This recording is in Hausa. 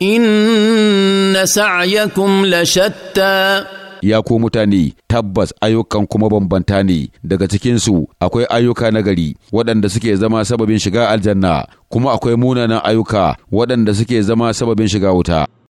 In na lashatta ya ku mutane tabbas ayyukan kuma bambanta ne daga cikinsu akwai ayyuka na gari waɗanda suke zama sababin shiga aljanna kuma akwai munanan ayyuka waɗanda suke zama sababin shiga wuta